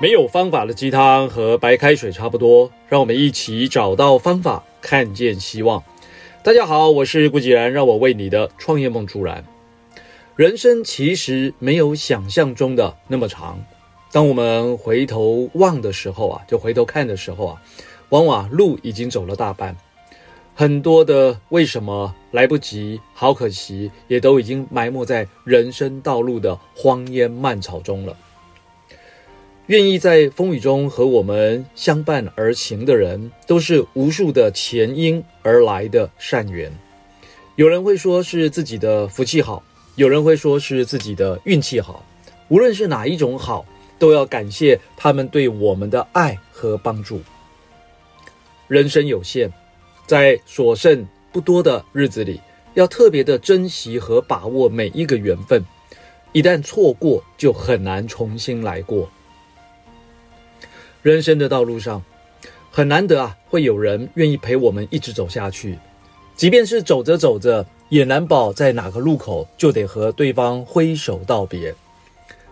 沒有方法的雞湯和白開水差不多，讓我們一起找到方法，看見希望。大家好，我是顧繼然，讓我為你的創業夢助燃。人生其實沒有想象中的那麼長，當我們回頭望的時候啊，就回頭看的時候啊，往往路已經走了大半，很多的為什麼來不及，好可惜，也都已經埋沒在人生道路的荒煙蔓草中了。願意在風雨中和我們相伴而行的人，都是無數的前因而來的善緣。有人會說是自己的福氣好，有人會說是自己的運氣好。無論是哪一種好，都要感謝他們對我們的愛和幫助。人生有限，在所剩不多的日子裡，要特別的珍惜和把握每一個緣分。一旦錯過，就很難重新來過。人生的道路上，很難得啊，會有人願意陪我們一直走下去。即便是走着走着，也難保在哪個路口就得和對方揮手道別。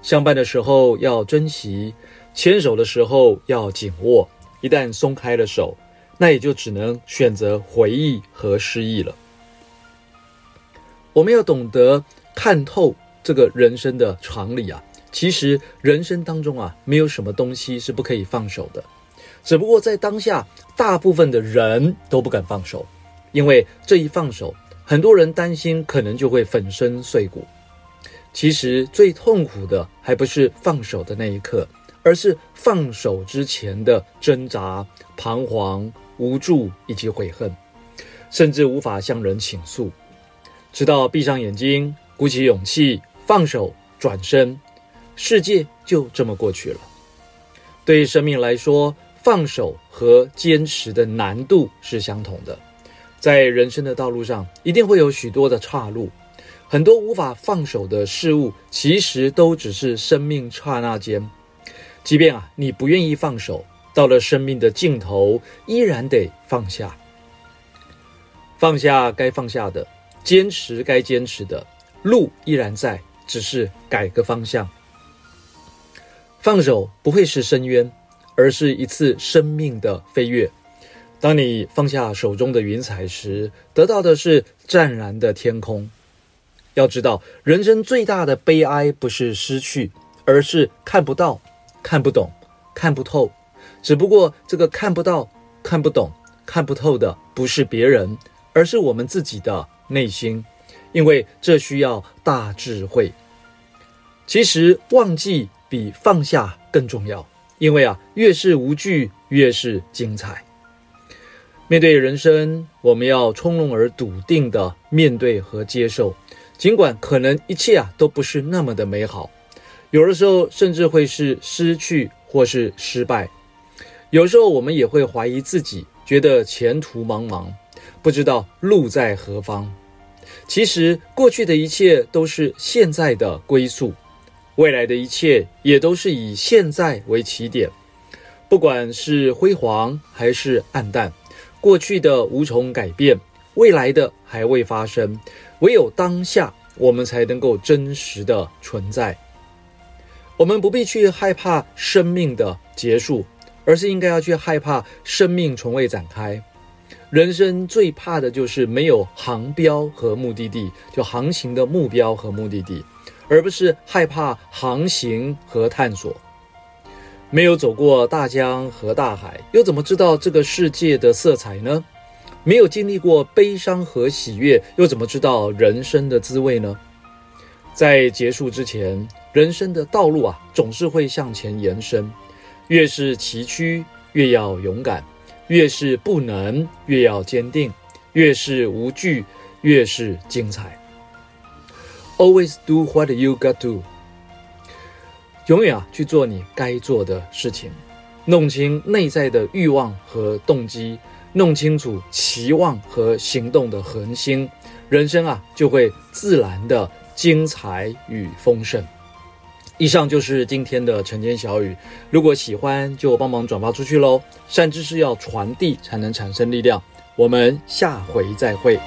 相伴的時候要珍惜，牽手的時候要緊握。一旦鬆開了手，那也就只能選擇回憶和失憶了。我們要懂得看透這個人生的常理啊。其實人生當中啊，沒有什麼東西是不可以放手的，只不過在當下，大部分的人都不敢放手，因為這一放手，很多人擔心可能就會粉身碎骨。其實最痛苦的還不是放手的那一刻，而是放手之前的掙扎、彷徨、無助以及悔恨，甚至無法向人傾訴，直到閉上眼睛，鼓起勇氣，放手，轉身。世界就這麼過去了。對於生命來說，放手和堅持的難度是相同的。在人生的道路上，一定會有許多的岔路，很多無法放手的事物，其實都只是生命剎那間。即便啊，你不願意放手，到了生命的盡頭，依然得放下，放下該放下的，堅持該堅持的，路依然在，只是改個方向。放手不會是深淵，而是一次生命的飛躍。當你放下手中的雲彩時，得到的是湛藍的天空。要知道，人生最大的悲哀不是失去，而是看不到、看不懂、看不透。只不過，這個看不到、看不懂、看不透的，不是別人，而是我們自己的內心，因為這需要大智慧。其實，忘記，比放下更重要，因為啊，越是無懼，越是精彩。面對人生，我們要從容而篤定地面對和接受，盡管可能一切啊都不是那麼的美好，有的時候甚至會是失去或是失敗。有時候我們也會懷疑自己，覺得前途茫茫，不知道路在何方。其實，過去的一切都是現在的歸宿。未來的一切也都是以現在為起點，不管是輝煌還是暗淡，過去的無從改變，未來的還未發生，唯有當下，我們才能夠真實的存在。我們不必去害怕生命的結束，而是應該要去害怕生命從未展開。人生最怕的就是沒有航標和目的地，就航行的目標和目的地。而不是害怕航行和探索，沒有走過大江和大海，又怎麼知道這個世界的色彩呢？沒有經歷過悲傷和喜悅，又怎麼知道人生的滋味呢？在結束之前，人生的道路啊，總是會向前延伸。越是崎嶇，越要勇敢；越是不能，越要堅定；越是無懼，越是精彩。Always do what you got to。永遠啊去做你該做的事情，弄清內在的欲望和動機，弄清楚期望和行動的核心，人生啊就會自然的精彩與豐盛。以上就是今天的晨間小語，如果喜歡就幫忙轉發出去嘍。善知識要傳遞才能產生力量。我們下回再會。